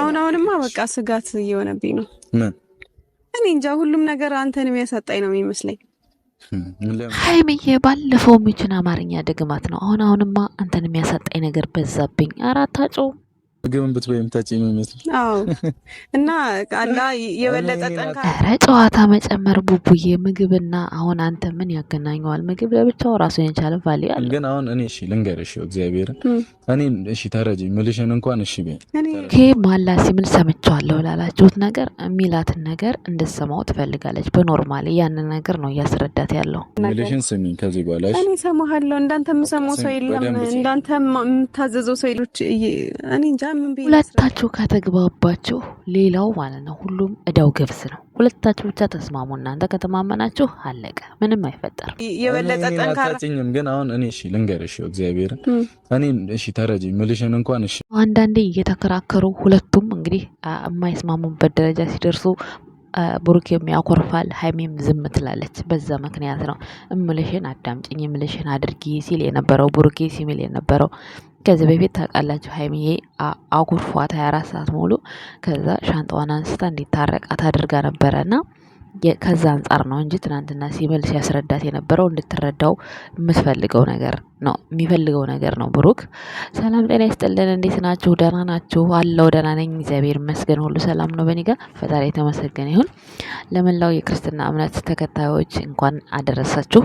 አሁን አሁንማ በቃ ስጋት እየሆነብኝ ነው። እኔ እንጃ ሁሉም ነገር አንተን የሚያሳጣኝ ነው የሚመስለኝ። ሀይምዬ ባለፈው ምችን አማርኛ ደግማት ነው። አሁን አሁንማ አንተን የሚያሳጣኝ ነገር በዛብኝ። አራት ምግብን ወይም የምታጭ የሚመስል እና አላ የበለጠ ጠንካራ ጨዋታ መጨመር ቡቡዬ፣ ምግብና አሁን አንተ ምን ያገናኘዋል? ምግብ ለብቻው ራሱ የቻለ ቫልዩ ያለ ግን አሁን እኔ እሺ ልንገርሽ፣ እግዚአብሔር እኔ እሺ ተረጂ ምልሽን እንኳን እሺ ቤ ኬ ማላ ሲምል ሰምቸዋለሁ ላላችሁት ነገር የሚላትን ነገር እንድሰማው ትፈልጋለች። በኖርማል ያንን ነገር ነው እያስረዳት ያለው። ምልሽን ስሚኝ ከዚህ በኋላ እኔ እሰማሃለሁ። እንዳንተ የምሰማው ሰው የለም፣ እንዳንተ የምታዘዘው ሰው ሌሎች እኔ እንጃ ሁለታችሁ ከተግባባችሁ ሌላው ማለት ነው ሁሉም እዳው ገብስ ነው። ሁለታችሁ ብቻ ተስማሙ። እናንተ ከተማመናችሁ አለቀ፣ ምንም አይፈጠርም። የበለጠ ጠንካራኝም ግን አሁን እኔ እሺ ልንገርሽ፣ እግዚአብሔር እኔ እሺ ተረጂ ምልሽን እንኳን እሺ አንዳንዴ እየተከራከሩ ሁለቱም እንግዲህ የማይስማሙበት ደረጃ ሲደርሱ ብሩኬም የሚያኮርፋል፣ ሀይሜም ዝም ትላለች። በዛ ምክንያት ነው እምልሽን አዳምጭኝ፣ እምልሽን አድርጊ ሲል የነበረው ብሩኬ ሲሚል የነበረው ከዚህ በፊት ታውቃላችሁ ሀይሚዬ አጉርፏት ሀያ አራት ሰዓት ሙሉ ከዛ ሻንጣዋን አንስታ እንዲታረቃት አድርጋ ነበረና ከዛ አንጻር ነው እንጂ ትናንትና ሲምል ሲያስረዳት የነበረው እንድትረዳው የምትፈልገው ነገር ነው የሚፈልገው ነገር ነው። ብሩክ ሰላም ጤና ይስጥልን። እንዴት ናችሁ? ደህና ናችሁ? አለው ደህና ነኝ እግዚአብሔር ይመስገን፣ ሁሉ ሰላም ነው በእኔ ጋር። ፈጣሪ የተመሰገነ ይሁን። ለመላው የክርስትና እምነት ተከታዮች እንኳን አደረሳችሁ።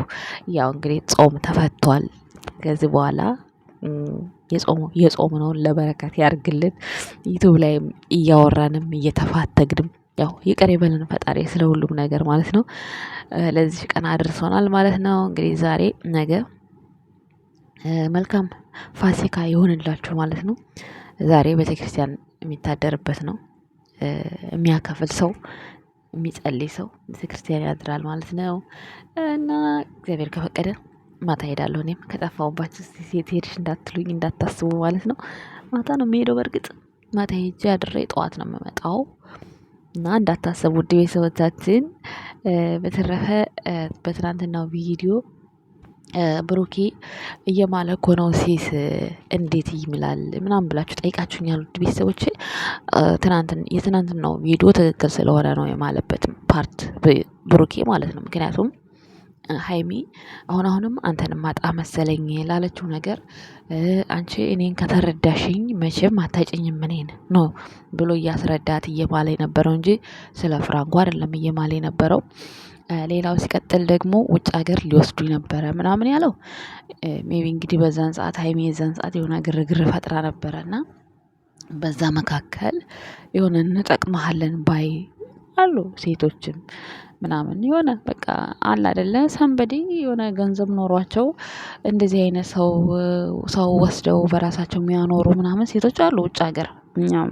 ያው እንግዲህ ጾም ተፈቷል። ከዚህ በኋላ የጾም ነውን ለበረከት ያርግልን። ዩቲዩብ ላይም እያወራንም እየተፋተግንም ያው ይቅር ይበለን ፈጣሪ ስለ ሁሉም ነገር ማለት ነው። ለዚህ ቀን አድርሶናል ማለት ነው። እንግዲህ ዛሬ ነገ መልካም ፋሲካ ይሆንላችሁ ማለት ነው። ዛሬ ቤተክርስቲያን የሚታደርበት ነው። የሚያከፍል ሰው የሚጸልይ ሰው ቤተክርስቲያን ያድራል ማለት ነው። እና እግዚአብሔር ከፈቀደ ማታ ሄዳለሁ። እኔም ከጠፋሁባችሁ ሴት ሄድሽ እንዳትሉኝ እንዳታስቡ ማለት ነው። ማታ ነው የሚሄደው። በእርግጥ ማታ ሄጄ አድሬ ጠዋት ነው የምመጣው እና እንዳታሰቡ ውድ ቤተሰቦቻችን። በተረፈ በትናንትናው ቪዲዮ ብሩኬ እየማለ እኮ ነው ሴት እንዴት ይምላል ምናምን ብላችሁ ጠይቃችሁኛል። ውድ ቤተሰቦች የትናንትናው ቪዲዮ ትክክል ስለሆነ ነው የማለበት ፓርት ብሩኬ ማለት ነው ምክንያቱም ሀይሚ አሁን አሁንም አንተን ማጣ መሰለኝ ላለችው ነገር አንቺ እኔን ከተረዳሽኝ መቼም አታጭኝም እኔን ኖ ብሎ እያስረዳት እየማለ የነበረው እንጂ ስለ ፍራንኳ አይደለም እየማለ የነበረው። ሌላው ሲቀጥል ደግሞ ውጭ ሀገር ሊወስዱ ነበረ ምናምን ያለው ሜቢ እንግዲህ በዛን ሰዓት ሀይሚ የዛን ሰዓት የሆነ ግርግር ፈጥራ ነበረ ነበረና በዛ መካከል የሆነ እንጠቅመሃለን ባይ አሉ ሴቶችም ምናምን የሆነ በቃ አለ አደለ ሰንበዲ የሆነ ገንዘብ ኖሯቸው እንደዚህ አይነት ሰው ሰው ወስደው በራሳቸው የሚያኖሩ ምናምን ሴቶች አሉ ውጭ ሀገር እኛም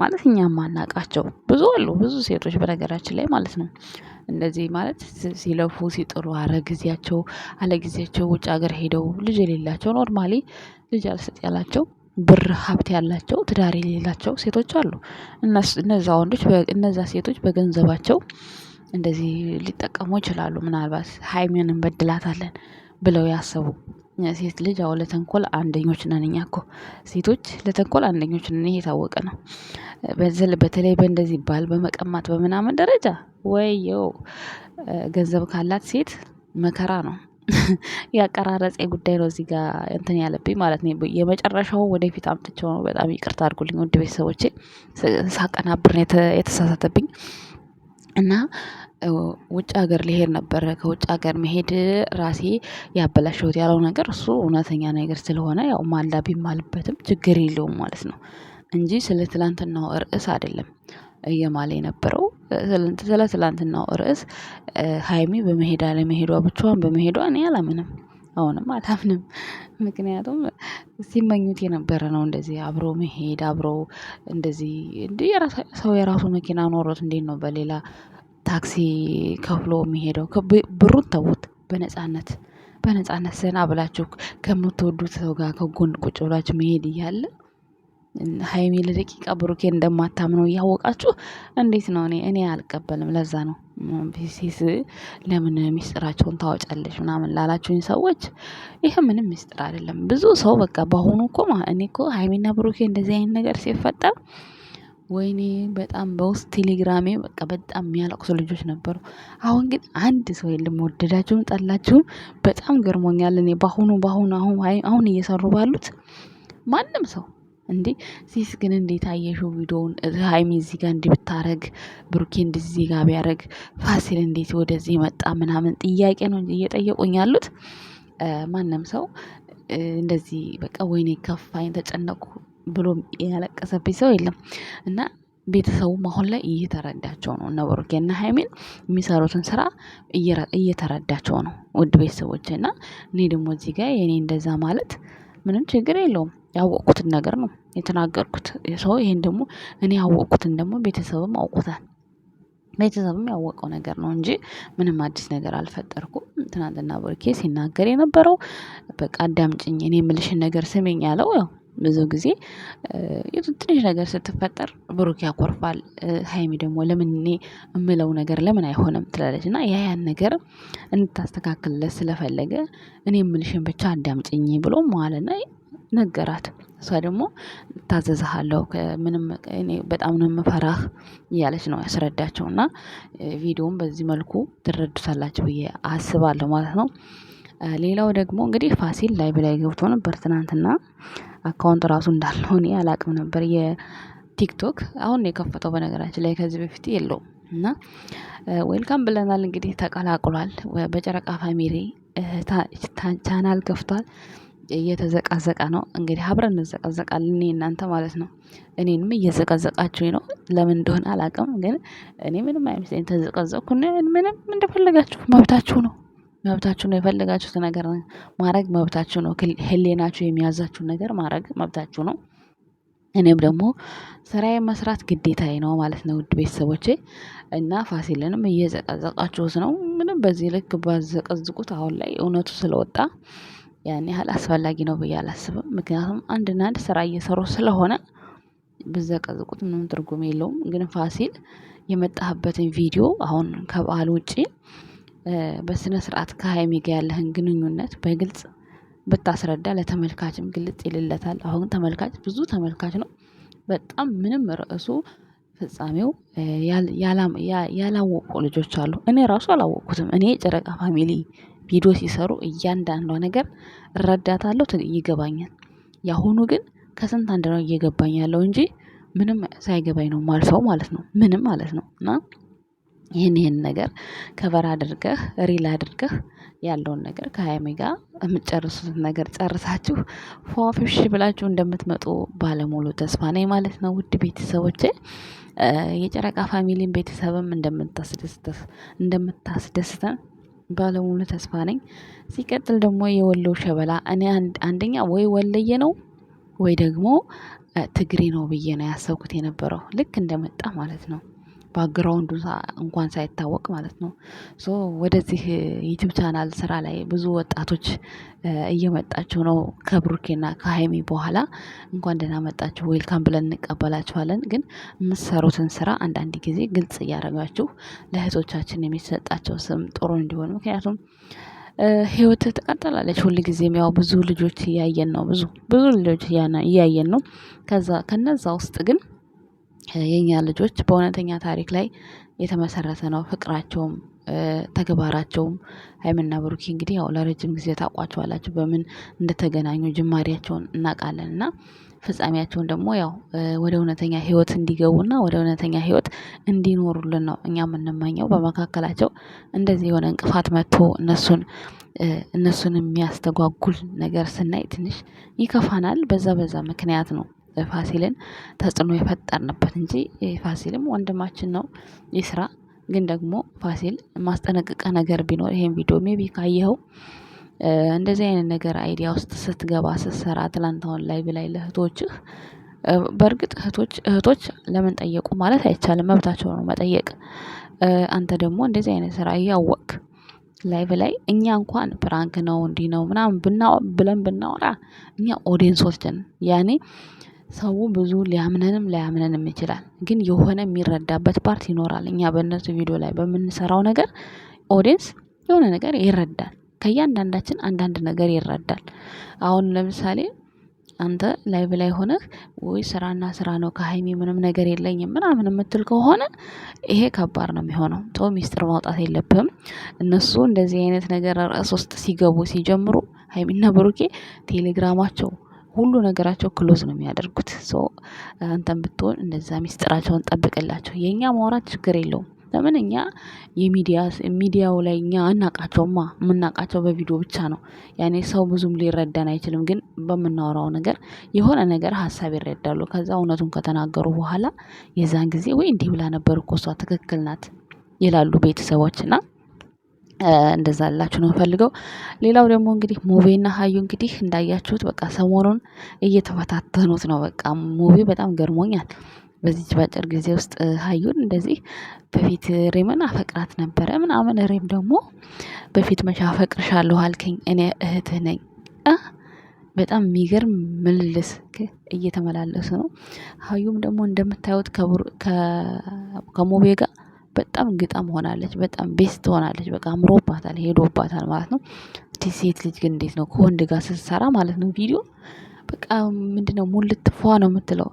ማለት እኛም ማናቃቸው ብዙ አሉ ብዙ ሴቶች በነገራችን ላይ ማለት ነው። እንደዚህ ማለት ሲለፉ ሲጥሩ አረ ጊዜያቸው አለ ጊዜያቸው ውጭ ሀገር ሄደው ልጅ የሌላቸው ኖርማሊ ልጅ አልሰጥ ያላቸው ብር ሀብት ያላቸው ትዳር የሌላቸው ሴቶች አሉ። እነዛ ወንዶች እነዛ ሴቶች በገንዘባቸው እንደዚህ ሊጠቀሙ ይችላሉ። ምናልባት ሀይሚን እንበድላታለን ብለው ያሰቡ ሴት ልጅ አሁን ለተንኮል አንደኞች ነን። እኛ እኮ ሴቶች ለተንኮል አንደኞች ነን። ይሄ የታወቀ ነው። በተለይ በእንደዚህ ባል በመቀማት በምናምን ደረጃ ወየው ገንዘብ ካላት ሴት መከራ ነው። ያቀራረጼ ጉዳይ ነው። እዚህ ጋር እንትን ያለብኝ ማለት ነው። የመጨረሻው ወደፊት አምጥቼው ነው። በጣም ይቅርታ አድርጉልኝ ውድ ቤተሰቦቼ፣ ሳቀናብር ነው የተሳሳተብኝ እና ውጭ ሀገር ሊሄድ ነበረ። ከውጭ ሀገር መሄድ ራሴ ያበላሸሁት ያለው ነገር እሱ እውነተኛ ነገር ስለሆነ ያው ማላ ቢማልበትም ችግር የለውም ማለት ነው እንጂ ስለ ትላንትናው ርዕስ አይደለም እየማለ የነበረው ስለ ትላንትናው ርዕስ ሀይሚ በመሄድ አለመሄዷ ብቻዋን በመሄዷ እኔ አላምንም። አሁንም አላምንም። ምክንያቱም ሲመኙት የነበረ ነው እንደዚህ አብሮ መሄድ አብሮ እንደዚህ እንዲ ሰው የራሱ መኪና ኖሮት እንዴት ነው በሌላ ታክሲ ከፍሎ የሚሄደው ብሩን ተዉት። በነጻነት በነጻነት ዘና ብላችሁ ከምትወዱት ሰው ጋር ከጎን ቁጭ ብላችሁ መሄድ እያለ ሀይሚ ለደቂቃ ብሩኬ እንደማታምነው እያወቃችሁ እንዴት ነው? እኔ እኔ አልቀበልም። ለዛ ነው ሴስ ለምን ሚስጥራቸውን ታወጫለች ምናምን ላላችሁኝ ሰዎች ይህ ምንም ሚስጥር አይደለም። ብዙ ሰው በቃ በአሁኑ እኮ እኔ እኮ ሀይሜና ብሩኬ እንደዚህ አይነት ነገር ሲፈጠር ወይኔ በጣም በውስጥ ቴሌግራሜ በቃ በጣም የሚያለቅሱ ልጆች ነበሩ። አሁን ግን አንድ ሰው የለም ወደዳችሁም ጠላችሁም በጣም ገርሞኛል። እኔ በአሁኑ በአሁኑ አሁን አሁን እየሰሩ ባሉት ማንም ሰው እንዴ ሲስ ግን እንዴት አየሹ? ቪዲዮውን? ሀይሚ እዚህ ጋር እንዲህ ብታረግ፣ ብሩኬ እንደዚህ ጋር ቢያረግ፣ ፋሲል እንዴት ወደዚህ መጣ ምናምን ጥያቄ ነው እየጠየቁኝ ያሉት። ማንም ሰው እንደዚህ በቃ ወይኔ ከፋኝ፣ ተጨነቁ ብሎ ያለቀሰብኝ ሰው የለም እና ቤተሰቡም አሁን ላይ እየተረዳቸው ነው። እነ እና ሀይሜን የሚሰሩትን ስራ እየተረዳቸው ነው። ውድ ቤተሰቦች እና እኔ ደግሞ እዚህ ጋር የኔ እንደዛ ማለት ምንም ችግር የለውም። ያወቅኩትን ነገር ነው የተናገርኩት። ሰው ይህን ደግሞ እኔ ያወቅኩትን ደግሞ ቤተሰብም አውቁታል። ቤተሰብም ያወቀው ነገር ነው እንጂ ምንም አዲስ ነገር አልፈጠርኩም። ትናንትና ብሩኬ ሲናገር የነበረው በቃ አዳምጭኝ፣ እኔ የምልሽን ነገር ስሜኝ ያለው ያው ብዙ ጊዜ ትንሽ ነገር ስትፈጠር ብሩክ ያኮርፋል። ሀይሚ ደግሞ ለምን እኔ ነገር ለምን አይሆንም ትላለች። እና ያ ያን ነገር እንድታስተካክልለት ስለፈለገ እኔ እምልሽን ብቻ አዳምጭኝ ብሎ ማለና ነገራት። እሷ ደግሞ ታዘዝሃለሁ ምንም በጣም ነው የምፈራህ እያለች ነው ያስረዳቸው። እና ቪዲዮውን በዚህ መልኩ ትረዱታላችሁ ብዬ አስባለሁ ማለት ነው። ሌላው ደግሞ እንግዲህ ፋሲል ላይ ብላይ ገብቶ ነበር ትናንትና አካውንት ራሱ እንዳለው እኔ አላውቅም ነበር። የቲክቶክ አሁን የከፈተው በነገራችን ላይ ከዚህ በፊት የለውም። እና ዌልካም ብለናል እንግዲህ ተቀላቅሏል በጨረቃ ፋሚሊ ቻናል ከፍቷል። እየተዘቃዘቀ ነው እንግዲህ አብረን እንዘቃዘቃለን እኔ እናንተ ማለት ነው። እኔንም እየዘቀዘቃችሁ ነው ለምን እንደሆነ አላውቅም። ግን እኔ ምንም አይመስለኝ ተዘቀዘቅኩ ምንም እንደፈለጋችሁ መብታችሁ ነው መብታችሁ ነው። የፈለጋችሁት ነገር ማድረግ መብታችሁ ነው። ህሌናችሁ የሚያዛችሁን ነገር ማድረግ መብታችሁ ነው። እኔም ደግሞ ስራዬ መስራት ግዴታዬ ነው ማለት ነው። ውድ ቤተሰቦቼ እና ፋሲልንም እየዘቀዘቃችሁት ነው። ምንም በዚህ ልክ ባዘቀዝቁት አሁን ላይ እውነቱ ስለወጣ ያን ያህል አስፈላጊ ነው ብዬ አላስብም። ምክንያቱም አንድና አንድ ስራ እየሰሩ ስለሆነ ብዘቀዝቁት ምንም ትርጉም የለውም። ግን ፋሲል የመጣህበትን ቪዲዮ አሁን ከበዓል ውጪ በስነ ስርዓት ከሀይሚ ጋር ያለህን ግንኙነት በግልጽ ብታስረዳ ለተመልካችም ግልጽ ይልለታል። አሁን ተመልካች ብዙ ተመልካች ነው በጣም ምንም ርዕሱ ፍጻሜው ያላወቁ ልጆች አሉ። እኔ ራሱ አላወቁትም? እኔ ጨረቃ ፋሚሊ ቪዲዮ ሲሰሩ እያንዳንዷ ነገር እረዳታለሁ፣ ይገባኛል። የአሁኑ ግን ከስንት አንድ ነው እየገባኝ ያለው እንጂ ምንም ሳይገባኝ ነው ማልፈው ማለት ነው። ምንም ማለት ነው እና ይህን ይህን ነገር ከበር አድርገህ ሪል አድርገህ ያለውን ነገር ከሀይሚ ጋር የምትጨርሱትን ነገር ጨርሳችሁ ፏፊሽ ብላችሁ እንደምትመጡ ባለሙሉ ተስፋ ነኝ ማለት ነው። ውድ ቤተሰቦች የጨረቃ ፋሚሊን ቤተሰብም እንደምታስደስተን ባለሙሉ ተስፋ ነኝ። ሲቀጥል ደግሞ የወሎ ሸበላ እኔ አንደኛ ወይ ወለየ ነው ወይ ደግሞ ትግሬ ነው ብዬ ነው ያሰብኩት የነበረው ልክ እንደመጣ ማለት ነው። ባግራውንዱ እንኳን ሳይታወቅ ማለት ነው። ሶ ወደዚህ ዩቲዩብ ቻናል ስራ ላይ ብዙ ወጣቶች እየመጣችሁ ነው። ከብሩኬና ከሀይሚ በኋላ እንኳን ደህና መጣችሁ ዌልካም ብለን እንቀበላችኋለን። ግን የምትሰሩትን ስራ አንዳንድ ጊዜ ግልጽ እያደረጋችሁ ለእህቶቻችን የሚሰጣቸው ስም ጥሩ እንዲሆን ምክንያቱም ህይወት ትቀጥላለች። ሁልጊዜም ያው ብዙ ልጆች እያየን ነው። ብዙ ብዙ ልጆች እያየን ነው። ከዛ ከነዛ ውስጥ ግን የእኛ ልጆች በእውነተኛ ታሪክ ላይ የተመሰረተ ነው። ፍቅራቸውም ተግባራቸውም ሀይምና ብሩኬ እንግዲህ ያው ለረጅም ጊዜ ታውቋቸዋላችሁ። በምን እንደተገናኙ ጅማሬያቸውን እናውቃለን እና ፍጻሜያቸውን ደግሞ ያው ወደ እውነተኛ ህይወት እንዲገቡና ወደ እውነተኛ ህይወት እንዲኖሩልን ነው እኛ የምንመኘው። በመካከላቸው እንደዚህ የሆነ እንቅፋት መጥቶ እነሱን እነሱን የሚያስተጓጉል ነገር ስናይ ትንሽ ይከፋናል። በዛ በዛ ምክንያት ነው ፋሲልን ተጽዕኖ የፈጠርንበት እንጂ ፋሲልም ወንድማችን ነው። ይስራ ግን ደግሞ ፋሲል ማስጠነቅቀ ነገር ቢኖር ይሄን ቪዲዮ ሜቢ ካየኸው እንደዚህ አይነት ነገር አይዲያ ውስጥ ስትገባ ስትሰራ ትላንት አሁን ላይ ላይ ለእህቶችህ በእርግጥ እህቶች እህቶች ለምን ጠየቁ ማለት አይቻልም፣ መብታቸው ነው መጠየቅ። አንተ ደግሞ እንደዚህ አይነት ስራ እያወቅ ላይቭ ላይ እኛ እንኳን ፕራንክ ነው እንዲህ ነው ምናምን ብለን ብናወራ እኛ ኦዲየንሶችን ያኔ ሰው ብዙ ሊያምነንም ላያምነንም ይችላል። ግን የሆነ የሚረዳበት ፓርት ይኖራል እኛ በእነሱ ቪዲዮ ላይ በምንሰራው ነገር ኦዲየንስ የሆነ ነገር ይረዳል ከእያንዳንዳችን አንዳንድ ነገር ይረዳል። አሁን ለምሳሌ አንተ ላይቭ ላይ ሆነህ ውይ ስራና ስራ ነው ከሃይሚ ምንም ነገር የለኝም ምናምን የምትል ከሆነ ይሄ ከባድ ነው የሚሆነው ሰው ሚስጥር ማውጣት የለብህም። እነሱ እንደዚህ አይነት ነገር ርዕስ ውስጥ ሲገቡ ሲጀምሩ ሀይሚና ብሩኬ ቴሌግራማቸው ሁሉ ነገራቸው ክሎዝ ነው የሚያደርጉት ሶ አንተም ብትሆን እንደዛ ሚስጥራቸውን ጠብቅላቸው። የእኛ ማውራት ችግር የለውም። ለምን እኛ የሚዲያው ላይ እኛ አናውቃቸውማ የምናውቃቸው በቪዲዮ ብቻ ነው። ያኔ ሰው ብዙም ሊረዳን አይችልም። ግን በምናወራው ነገር የሆነ ነገር ሀሳብ ይረዳሉ ከዛ እውነቱን ከተናገሩ በኋላ የዛን ጊዜ ወይ እንዲህ ብላ ነበር እኮ እሷ ትክክል ናት። ይላሉ ቤተሰቦች እንደዛ ላችሁ ነው ፈልገው። ሌላው ደግሞ እንግዲህ ሙቤና ሀዩ እንግዲህ እንዳያችሁት በቃ ሰሞኑን እየተፈታተኑት ነው። በቃ ሙቪ በጣም ገርሞኛል። በዚች ባጭር ጊዜ ውስጥ ሀዩን እንደዚህ በፊት ሬምን አፈቅራት ነበረ ምናምን፣ ሬም ደግሞ በፊት መቼ አፈቅርሻለሁ አልከኝ እኔ እህትህ ነኝ። በጣም የሚገርም ምልልስ እየተመላለሱ ነው። ሀዩም ደግሞ እንደምታዩት ከሙቤ ጋር በጣም ግጣም ሆናለች፣ በጣም ቤስት ትሆናለች። በቃ አምሮባታል፣ ሄዶባታል ማለት ነው። ሴት ልጅ ግን እንዴት ነው ከወንድ ጋር ስትሰራ ማለት ነው ቪዲዮ በቃ ምንድነው ሙልት ፏ ነው የምትለው።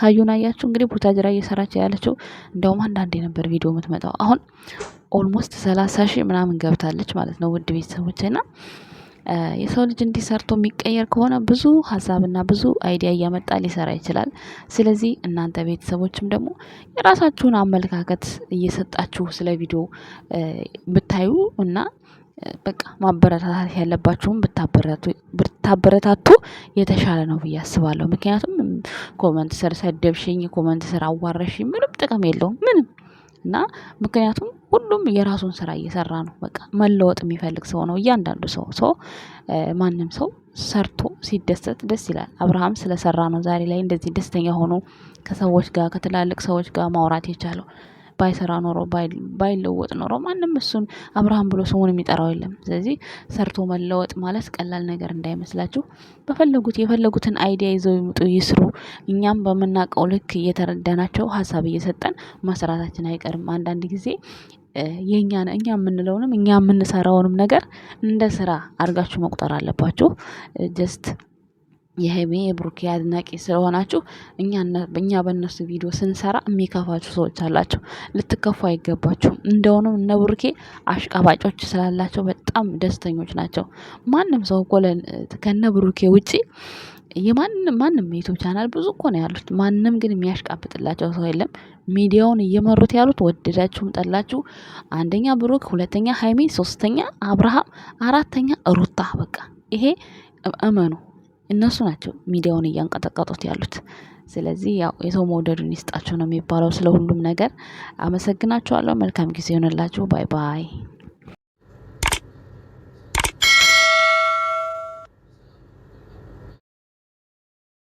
ሀዩን አያችሁ እንግዲህ ቡታጅራ እየሰራች ያለችው እንደውም አንዳንዴ ነበር ቪዲዮ የምትመጣው። አሁን ኦልሞስት ሰላሳ ሺህ ምናምን ገብታለች ማለት ነው ውድ ቤተሰቦች ና የሰው ልጅ እንዲህ ሰርቶ የሚቀየር ከሆነ ብዙ ሀሳብና ብዙ አይዲያ እያመጣ ሊሰራ ይችላል። ስለዚህ እናንተ ቤተሰቦችም ደግሞ የራሳችሁን አመለካከት እየሰጣችሁ ስለ ቪዲዮ ብታዩ እና በቃ ማበረታታት ያለባችሁም ብታበረታቱ የተሻለ ነው ብዬ አስባለሁ። ምክንያቱም ኮመንት ስር ሰደብሽኝ፣ ኮመንት ስር አዋረሽኝ ምንም ጥቅም የለውም ምንም እና ምክንያቱም ሁሉም የራሱን ስራ እየሰራ ነው በቃ መለወጥ የሚፈልግ ሰው ነው እያንዳንዱ ሰው ሶ ማንም ሰው ሰርቶ ሲደሰት ደስ ይላል። አብርሃም ስለሰራ ነው ዛሬ ላይ እንደዚህ ደስተኛ ሆኖ ከሰዎች ጋር ከትላልቅ ሰዎች ጋር ማውራት የቻለው። ባይሰራ ኖሮ ባይለወጥ ኖሮ ማንም እሱን አብርሃም ብሎ ስሙን የሚጠራው የለም። ስለዚህ ሰርቶ መለወጥ ማለት ቀላል ነገር እንዳይመስላችሁ በፈለጉት የፈለጉትን አይዲያ ይዘው ይምጡ ይስሩ። እኛም በምናውቀው ልክ እየተረዳናቸው ሀሳብ እየሰጠን መስራታችን አይቀርም። አንዳንድ ጊዜ የኛን እኛ የምንለውንም እኛ የምንሰራውንም ነገር እንደ ስራ አድርጋችሁ መቁጠር አለባችሁ። ጀስት የሃይሜ የብሩኬ አድናቂ ስለሆናችሁ እኛ በእነሱ ቪዲዮ ስንሰራ የሚከፋችሁ ሰዎች አላችሁ። ልትከፉ አይገባችሁም። እንደውንም እነ ብሩኬ አሽቃባጮች ስላላቸው በጣም ደስተኞች ናቸው። ማንም ሰው እኮ ከነ ብሩኬ ውጪ የማንም ማንም የዩቲዩብ ቻናል ብዙ እኮ ነው ያሉት ማንም ግን የሚያሽቃብጥላቸው ሰው የለም። ሚዲያውን እየመሩት ያሉት ወደዳችሁም ጠላችሁ አንደኛ ብሩክ ሁለተኛ ሃይሚ ሶስተኛ አብርሃም አራተኛ ሩታ በቃ ይሄ እመኑ እነሱ ናቸው ሚዲያውን እያንቀጠቀጡት ያሉት። ስለዚህ ያው የሰው መውደዱን ይስጣችሁ ነው የሚባለው። ስለ ሁሉም ነገር አመሰግናችኋለሁ። መልካም ጊዜ ይሆንላችሁ። ባይ ባይ